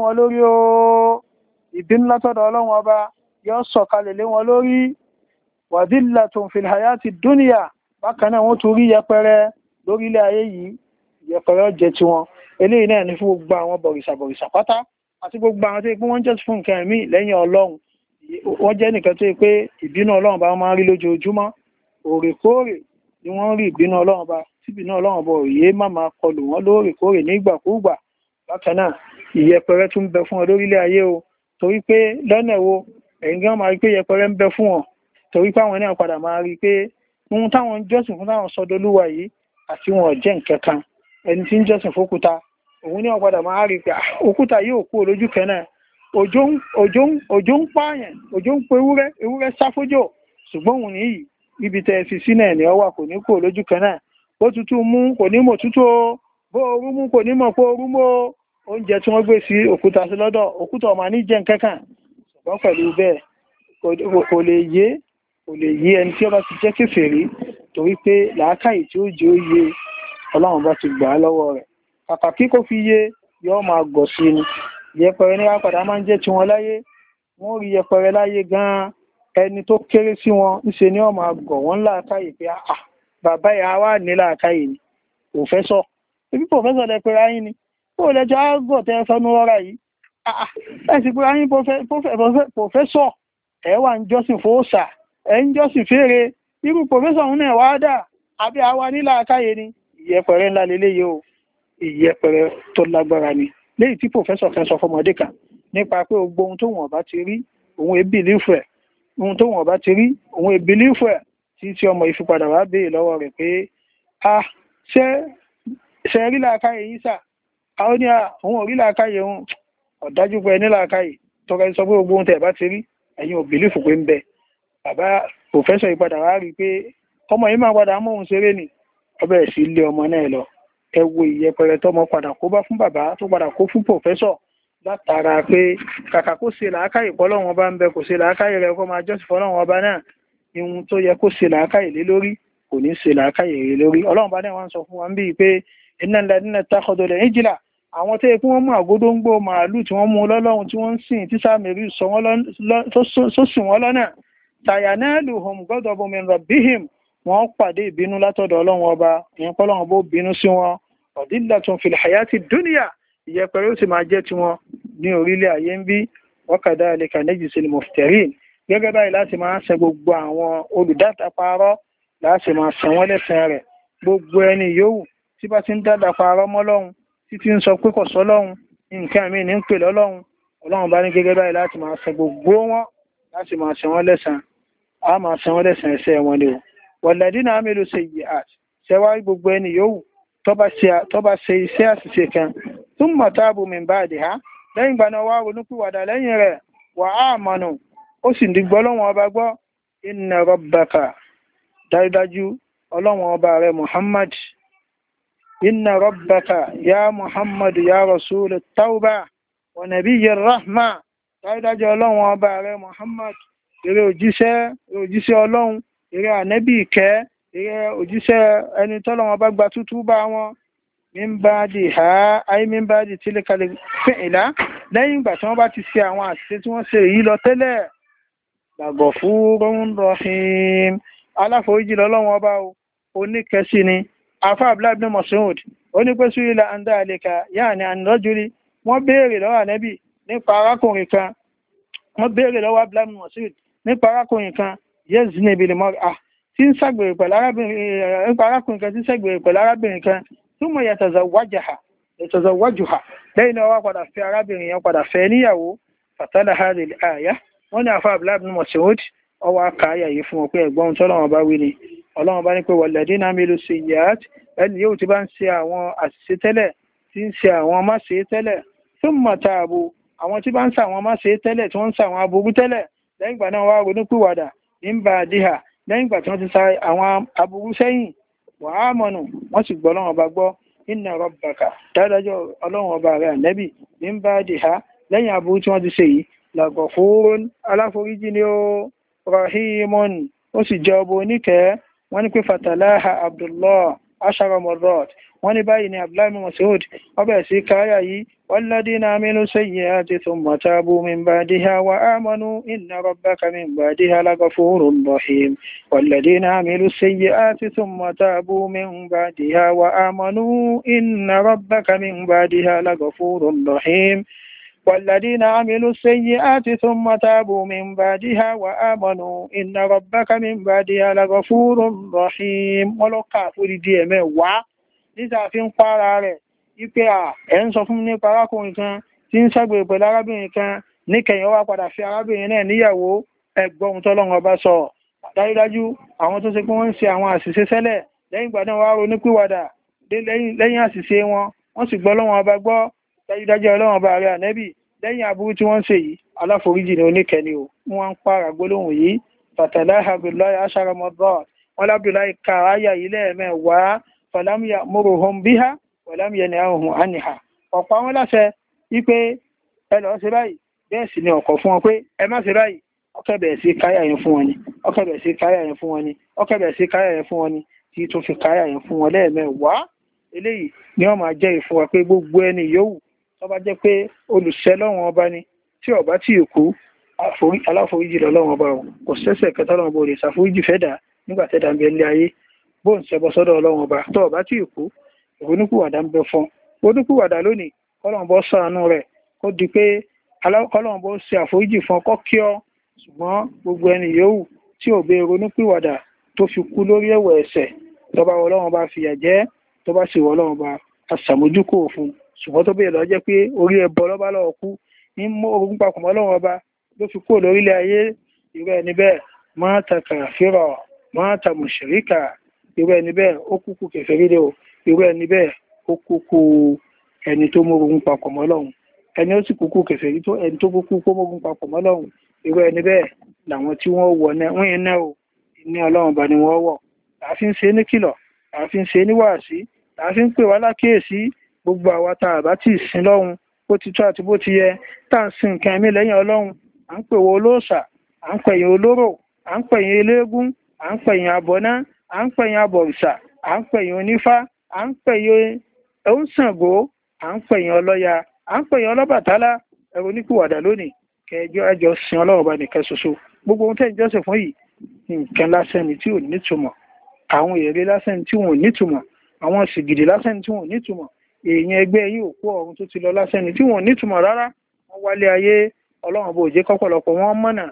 A: wàdílà tó ń fi hayati dúnìyà bákan wọ́n tún rí yẹpẹrẹ lórílẹ̀ ayé yìí yẹpẹrẹ jẹ tiwọn eléyìí náà ní fún gbogbo àwọn bọ̀rìṣà bọ̀rìṣà pátá àti gbogbo àwọn tó yẹ pé wọ́n jẹ́ fún nǹkan ẹ̀mí lẹ́yìn ọlọ́run wọ́n jẹ́ nìkan tó yẹ pé ìbínú ọlọ́run bá wọ́n máa ń rí lójoojúmọ́ òrèkóòrè ni wọ́n ń rí ìbínú ọlọ́run bá tíbínú ọlọ́run bọ̀ òye má máa kọlù wọ́n lóòrèkóòrè nígbàkúùgbà bákan náà ìyẹpẹrẹ tún bẹ fún ọ lórílẹ̀ ayé o torí pé lọ́nà wo ẹ̀yin máa rí pé yẹpẹrẹ ń bẹ fún ọ torí pé àwọn náà padà máa rí pé ohun táwọn jọ́sìn fún táwọn sọdọ́lúwa yìí àti wọn jẹ́ nǹkan kan ẹni tí ń jọ́sìn fókúta òun ní ọ̀padà máa rí pé ah, òkúta yóò kú olójú kan náà òjò ń pààyàn òjò ń pe ewúrẹ́ ewúrẹ́ sáfójò ṣùgbọ́n òun nìyí ibi tẹ́ ẹ fi sí náà ní ọwà kò ní kú olójú kan náà bó tutù mú kò ní mọ̀ tútù o bó orú mú kò ní mọ̀ pé orú mú oúnjẹ tí wọ́n gbé sí òkúta sí lọ́dọ̀ òkúta ọ̀mà ní jẹ́ nǹkan ṣùgbọ́n pẹ̀lú bẹ́ẹ̀ kò lè yé kò lè yé ẹni tí ó ti jẹ́ kéfèé torí pé làákàyè tí ó jẹ́ ó yé ọlọ́run bá ti gbà á lọ́wọ́ rẹ̀ kàkà kí kò fi yé yọ́ máa gọ̀ sí ni yẹpẹrẹ ní apàdá máa ń jẹ́ tiwọn láyé wọ́n rí yẹpẹrẹ láyé gan-an ẹni tó kéré sí wọn ńṣe ni ó máa gọ̀ wọ́n láàkáyè pé àà ah, ah, bàbá yà wà ní láàkáyè ni pòfẹ́sọ̀ ibi pòfẹ́sọ̀ lẹ pé ráyín ni ó lẹ́jọ́ àgọ̀ tẹ́ fẹ́nu rọ́ra yìí àà ẹ̀sìn pé ráyín pòfẹ́sọ̀ ẹ̀ wà ń jọ́sìn fòósà ẹ̀ ń jọ́sìn fèrè irú pòfẹ́sọ̀ òun náà wá dà àbí àwa nílà káyé ni ìyẹpẹrẹ ńlá leléyìí o ìyẹpẹrẹ tó lágbára ni léyìí tí pòfẹ́sọ̀ kan sọ fọmọdé kan nípa pé gbogbo ohun tó wọn bá ti rí òun ebi lífù ẹ ohun tó wọn bá ti rí òun ebi lífù ẹ tí tí ọmọ ìfipadà wá béè lọ́wọ́ rẹ̀ pé a ṣe rí làákàyè yìí sà a ó ní à òun làákàyè òun ọ̀dájú pé ẹni làákàyè tọkẹ sọ pé gbogbo ohun tẹ̀ bá ti rí ẹ̀yin ò pé ń bẹ bàbá pòfẹ́sọ̀ ìpadà wá rí pé ọmọ yìí máa padà mọ́ òun ṣeré ni ọbẹ̀ sí ilé ọmọ náà lọ ẹ wo ìyẹpẹrẹ tọmọ padà kó bá fún bàbá tó padà kó fún pòfẹ́sọ̀ látara pé kàkà kó ṣe làákàyè pọ́lọ́wọ́n bá ń bẹ kò ṣe làákàyè rẹ kó máa jọ́sìn fọ́lọ́wọ́n ọba náà ihun tó yẹ kó ṣe làákàyè lé lórí kò ní ṣe làákàyè rẹ lórí ọlọ́run bá náà wá sọ fún wa ń bíi pé iná ńlá nínú takọdọlẹ̀ ìjìlá àwọn tó yẹ kí wọ́n mú àgódóńgbò màálù tí wọ́n mú lọ́lọ́run tí wọ́n ń sìn tí sáà mẹ́rí tó wọ́n lọ́nà tàyánáàlùhùn gọ́dọ̀bùnmin rọ̀bíhìm wọ́n pàdé ìbínú látọ̀dọ̀ ọlọ́run ọba ìyẹn pọ́lọ́run bó bínú sí wọn ọ̀dílàtún fìlàyà ti dúníyà ìyẹpẹrẹ ó sì máa jẹ́ tiwọn ní orílẹ̀ ayé ń bí wọ́kàdá àlekà méjì sí ni mọ̀fìtẹ́rìn gẹ́gẹ́ báyìí láti máa ṣe gbogbo àwọn olùdátàparọ́ láti máa san wọ́n lẹ́sẹ̀ rẹ̀ gbogbo ẹni yòówù tí bá ti ń dátàparọ́ mọ́lọ́run títí ń sọ pé kò sọ́lọ́run nǹkan mi ń pè lọ́lọ́run ọlọ́run bá ní gẹ́gẹ́ báyìí láti máa ṣe gbogbo wọn láti máa san wọ́n lẹ́sàn a máa san wọ́n lẹ́sàn wọn ni o wọ̀lẹ́dí náà mélòó ṣe yìí àt gbogbo ẹni yòówù tó ṣe iṣẹ́ àṣìṣe kan tún mọ̀ táàbù mi bá dì á lẹ́yìn ìgbà náà wá ronúpìwàdà lẹ́yìn rẹ̀ wà á mọ̀nà ó sì lọ́wọ́n ọba gbọ́ inna dájúdájú ọlọ́wọ́n ọba rẹ̀ Muhammad inna ya Muhammad ya tauba wa dájúdájú ọlọ́wọ́n ọba Muhammad eré òjíṣẹ́ òjíṣẹ́ ọlọ́run eré ànẹ́bì ìkẹ́ eré òjíṣẹ́ ẹni tọ́lọ́wọ́n bá gba tútú bá wọn mímbáàdì ha ayé mímbáàdì tílékalẹ̀ fún ìlà lẹ́yìn ìgbà tí wọ́n bá ti ṣe àwọn àṣìṣe tí wọ́n ṣe èyí lọ tẹ́lẹ̀ gbàgbọ́ fún rọ́ńdọ̀hìn aláforíjì lọ́lọ́wọ́n ọba o oníkẹ́sí ni afa abdullahi bin masoud onípẹ́sù ilẹ̀ andá àlèkà yáàni ànìlọ́júrí wọ́n béèrè lọ́wọ́ ànẹ́bì nípa arákùnrin kan wọ́n béèrè lọ́wọ́ abdullahi bin nípa arákùnrin kan yéèzì níbi lè mọ́ à ah, tí ń ṣàgbèrè pẹ̀lú arábìnrin eh, nípa arákùnrin kan tí ń ṣàgbèrè pẹ̀lú arábìnrin kan túmọ̀ yàtọ̀zọ̀ wájàhà yàtọ̀zọ̀ wájùhà lẹ́yìn náà wá padà fẹ́ arábìnrin yẹn padà fẹ́ níyàwó fatala hadi àyà wọ́n ní àfa abdullahi bin masoud ọwọ́ aka àyà yìí fún wọn pé ẹ̀gbọ́n tó lọ́wọ́ bá wí ni ọlọ́wọ́ bá ní pé wọ̀lẹ́dí náà mi lu sí yàt ẹni yóò ti bá ń ṣe àwọn àṣìṣe tẹ́lẹ̀ tí ń ṣe àwọn máṣe tẹ́lẹ̀ tó mọ̀ tààbò àwọn tí bá ń ṣe àwọn máṣe tẹ́lẹ̀ tí wọ́n ń ṣe àwọn aburú tẹ́lẹ̀ lẹ́yìn ìgbà náà wá ronúpìwàdà ní bá a díhà lẹ́yìn ìgbà tí wọ́n ti sa àwọn aburú sẹ́yìn wàá mọ̀nà wọ́n sì gbọ́ ọlọ́run ọba gbọ́ inna rabbaka dáadájọ́ ọlọ́run ọba rẹ̀ ànẹ́bì ní bá lẹ́yìn aburú tí wọ́n ti ṣe yìí làgọ̀fórón aláforíjì ni ó rahimun ó sì jẹ́ oníkẹ́ wọ́n ní pé fatalaha wọ́n ní báyìí ni abdullahi masoud ọbẹ̀ sí káyà yìí والذين عملوا السيئات ثم تابوا من بعدها وآمنوا إن ربك من بعدها لغفور رحيم والذين عملوا السيئات ثم تابوا من بعدها وآمنوا إن ربك من بعدها لغفور رحيم والذين عملوا السيئات ثم تابوا من بعدها وآمنوا إن ربك من بعدها لغفور رحيم ولو كافر دي lisa fi ń para rẹ̀ wípé à ẹ̀ ń sọ fún mi nípa arákùnrin kan tí ń ṣàgbèrè pẹ̀lú arábìnrin kan níkẹyìn ó wá padà fi arábìnrin náà níyàwó ẹgbọ́n tọ́lọ́run ọba sọ dájúdájú àwọn tó ṣe pé wọ́n ń ṣe àwọn àṣìṣe sẹ́lẹ̀ lẹ́yìn ìgbà náà wá ronú pìwàdà lẹ́yìn àṣìṣe wọn wọ́n sì gbọ́ lọ́wọ́n ọba gbọ́ dájúdájú ọlọ́run ọba rẹ̀ ànẹ́bì lẹ́yìn aburú tí wọ́n ṣe yìí aláforíjì ni oníkẹ́ni o wọ́n ń pààrà gbólóhùn yìí fatalahi abdullahi asharamọ́dọ́ wọn lábdullahi kàráyà yìí lẹ́ẹ̀mẹ́wàá fàlámù ya'muruhum bíhá wàlámù yanhahum àníhà ọ̀pọ̀ àwọn láṣẹ wípé ẹ lọ́ọ́ ṣe báyìí bẹ́ẹ̀ sì ni ọ̀kọ̀ fún wọn pé ẹ má ṣe báyìí ọkẹ̀bẹ̀ sí káyà yẹn fún wọn ni ọkẹ̀bẹ̀ sí káyà yẹn fún wọn ni ọkẹ̀bẹ̀ sí káyà yẹn fún wọn ni tí tó fi káyà yẹn fún wọn lẹ́ẹ̀mẹ́wàá eléyìí ni wọ́n máa jẹ́ ìfún wa pé gbogbo ẹni yòówù tó bá jẹ́ pé olùṣẹ́ lọ́wọ́n ọba ni tí ọba tí ì kú aláforíjì lọ́wọ́n ọba kò sẹ́sẹ̀ kẹta lọ́wọ́n ọba ò lè ṣàforíjì fẹ́ dà nígbà tẹ́dà ń bẹ ayé bó ń ṣẹbọ sọ́dọ̀ ọlọ́run ọba tó ọba tí ìkú ìrònúkúwàdà ń bẹ fún ìrònúkúwàdà lónìí kọ́lọ́run bọ́ ṣàánú rẹ̀ kó di pé kọ́lọ́run bọ́ ṣe àforíjì fún ọkọ́ kí ọ ṣùgbọ́n gbogbo ẹni yòówù tí ò bẹ ìrònúkúwàdà tó fi kú lórí ẹ̀wọ̀ ẹ̀ṣẹ̀ tọba ọlọ́run bá fìyà jẹ́ tọba sì wọ ọlọ́run bá aṣàmójúkò fún ṣùgbọ́n tó bẹ̀rẹ̀ lọ jẹ́ pé orí ẹbọ lọ́ba lọ́wọ́ kú ní mú ogun papọ̀ mọ́ ọlọ́run ọba ló fi kúrò lórílẹ̀ ayé ìrọ̀ ẹni bẹ́ẹ̀ mọ́ta kàfírọ̀ mọ́ta mùṣìríkà irú ẹni bẹ́ẹ̀ ó kúkú kẹfẹ́ rí o irú ẹni bẹ́ẹ̀ ó kúkú ẹni tó mórogún papọ̀ mọ́ Ọlọ́hun ẹni ó sì kúkú kẹfẹ́ rí tó ẹni tó kúkú kó mórogún papọ̀ mọ́ Ọlọ́hun irú ẹni bẹ́ẹ̀ làwọn tí wọ́n wọ̀ náà wọ́n yẹn náà o ní Ọlọ́run bá ni wọ́n wọ̀ àfi ń ṣe ní kìlọ̀ àfi ń ṣe ní wàásí àfi ń pè wá lákèésí gbogbo àwa tá a bá ti sin lọ́hun bó ti tó àti bó ti yẹ tá à ń sin nǹkan ẹ̀mí lẹ́yìn Ọlọ́run à ń pè wọ olóòṣà à ń pẹ̀yìn olóró à ń pẹ̀yìn eléégún à ń pẹ̀yìn abọ́ná à ń pẹ̀yìn abọ̀rìṣà à ń pẹ̀yìn onífá à ń pẹ̀yìn oúnṣàngó à ń pẹ̀yìn ọlọ́ya à ń pẹ̀yìn ọlọ́bàtálá ẹ̀rọ onípìwàdà lónìí kẹjọ ẹjọ sin ọlọ́run ọba nìkan ṣoṣo gbogbo ohun tẹ́yìn jọ́sìn fún yìí nǹkan lásán ni tí ò nítumọ̀ àwọn èrè lásán ni tí wọn ò nítumọ̀ àwọn sìgìdì lásán ni tí wọn ò nítumọ̀ èèyàn ẹgbẹ́ yìí òkú ọ̀run tó ti lọ lásán ni tí wọn ò nítumọ̀ rárá wọ́n wálé ayé ọlọ́run ọba òjé kọ́pọ̀lọpọ̀ wọ́n mọ̀nà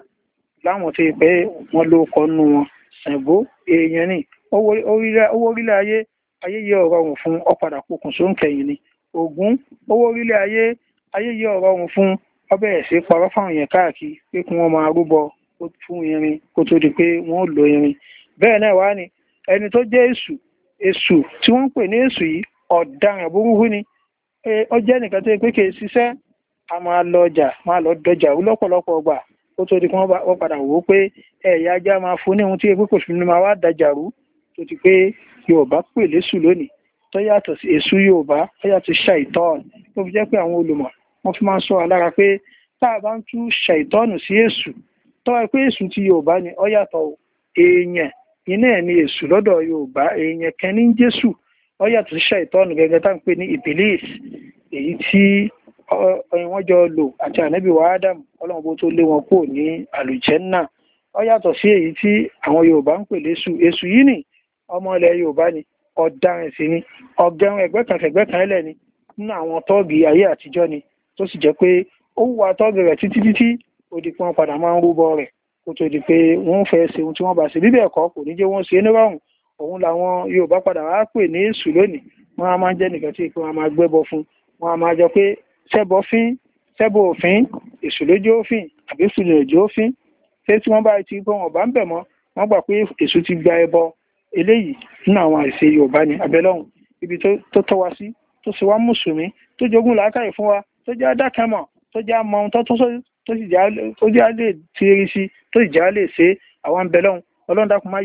A: láwọn tó yẹ pé wọ́n ló kọ́ nú wọn ṣàngó èèyàn ni owó orílẹ̀ ayé ayé yẹ ọ̀rọ̀ ọ̀run fún ọ̀padà pokùn só ń kẹyìn ni ògún owó orílẹ̀ ayé ayé yẹ ọ̀rọ̀ ọ̀run fún ọbẹ̀ ẹ̀sẹ̀ parọ́ fáwọn yẹn káàkiri pé kí wọ́n máa rúbọ fún irin kó tó di pé wọ́n lo irin bẹ́ẹ̀ náà wá ni ẹni tó jẹ́ tí wọ́n pè ní ó tó di kí wọ́n padà wò ó pé ẹ̀yà ajá máa fún ní ohun tí epo pèsè nínú máa wá dàjàrú tó ti pé yorùbá pè lésù lónìí tó yàtọ̀ sí èṣù yorùbá tó yàtọ̀ ṣàìtọ́ọ̀nù tó fi jẹ́ pé àwọn olùmọ̀ wọ́n fi máa ń sọ alára pé tá a ti yorùbá ni yàtọ̀ èèyàn iná ẹ̀ ni èṣù lọ́dọ̀ yorùbá èèyàn jésù yàtọ̀ sí ṣàìtọ́ọ̀nù gẹ́gẹ́ tá à ń wọ́n jọ lò àti ànábì wa ádámù ọlọ́run bó tó lé wọn kúrò ní àlùjẹ́nnà ó yàtọ̀ sí èyí tí àwọn yorùbá ń pè léṣu èṣù yìí nì ọmọ ilẹ̀ yorùbá ni ọ̀daràn sí ni ọ̀gẹ̀rùn ẹ̀gbẹ́ kan fẹ̀gbẹ́ kan ẹlẹ̀ ni nínú àwọn tọ́ọ̀gì ayé àtijọ́ ni tó sì jẹ́ pé ó wà tọ́ọ̀gì rẹ̀ títí títí ó di pé wọ́n padà máa ń rúbọ rẹ̀ kó tó di pé wọ́n fẹ́ ṣe ohun tí wọ́n bá ṣe bíbẹ̀ ẹ̀kọ́ kò ní jẹ́ wọ́n ṣe nírọ̀rùn òun làwọn yorùbá padà wá pè ní èṣù lónìí wọ́n á máa jẹ́ nìkan tí wọ́n á máa gbẹ́bọ fún wọ́n á máa jọ pé sẹ́bọ̀fín sẹ́bọ̀ òfin èṣù lójú òfin àbí èṣù lójú òfin ṣé tí wọ́n bá ti gbọ́ wọn bá ń bẹ̀ mọ́ wọ́n gbà pé èṣù ti gba ẹbọ eléyìí nínú àwọn àìṣe yorùbá ni abẹ́lọ́hùn ibi tó tọ́ wa sí tó sì wá mùsùlùmí tó jogún làákàyè fún wa tó jẹ́ adákẹ́mọ̀ tó jẹ́ amọ ohun tó sì já lè tiri sí tó sì já ṣe àwọn abẹ́lọ́hùn ọlọ́run dákun má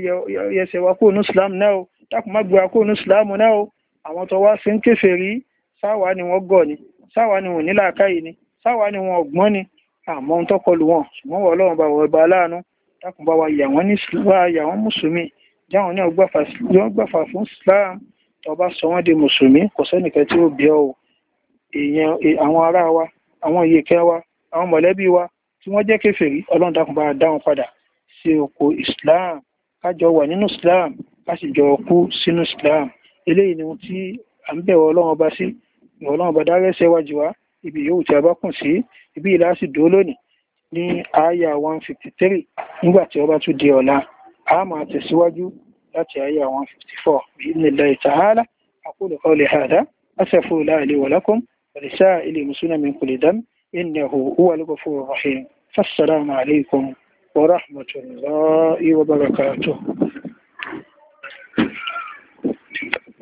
A: yẹsẹ̀ wa kúrò ní náà o dákun má gbé wa kúrò ní náà o àwọn tó wá sí ń kèfèrí sáwàá ni wọ́n gọ̀ ni sáwà ni wọn nílà káyì ni sáwà ni wọn ọgbọ́n ni àmọ́ ohun tọ́kọlù wọn ṣùgbọ́n wọ́n ọlọ́run bá wọ́n bá aláàánú dákun bá wa yà wọ́n ní wá yà mùsùlùmí jáwọn ní ọgbàfà fún Islam tó bá di mùsùlùmí kò sẹ́nìkan tí ó bí ọ èèyàn àwọn ará wa àwọn ìyèkẹ́ wa àwọn mọ̀lẹ́bí wa tí wọ́n jẹ́ kèfèrí ọlọ́run dákun Islam kájọ wà nínú Islam ká sì jọ kú Islam eléyìí ni ohun tí à ń bẹ̀rọ ọlọ́run ọba sí ìwọ̀lọ́wọ̀n bá dárẹ́ ṣẹ́wájú wa ibi yòówù tí a bá kùn sí ibi ìlàsì dúró lónìí ní àyà 153 nígbà tí ó bá tún di ọ̀la a máa tẹ̀síwájú láti àyà 154 bí nílẹ̀ ta'ala aqulu qawli hadha astaghfirullaha li wa lakum wa lisa'ilil muslimina min kulli dam innahu huwal ghafurur rahim fassalamu alaikum wa rahmatullahi wa barakatuh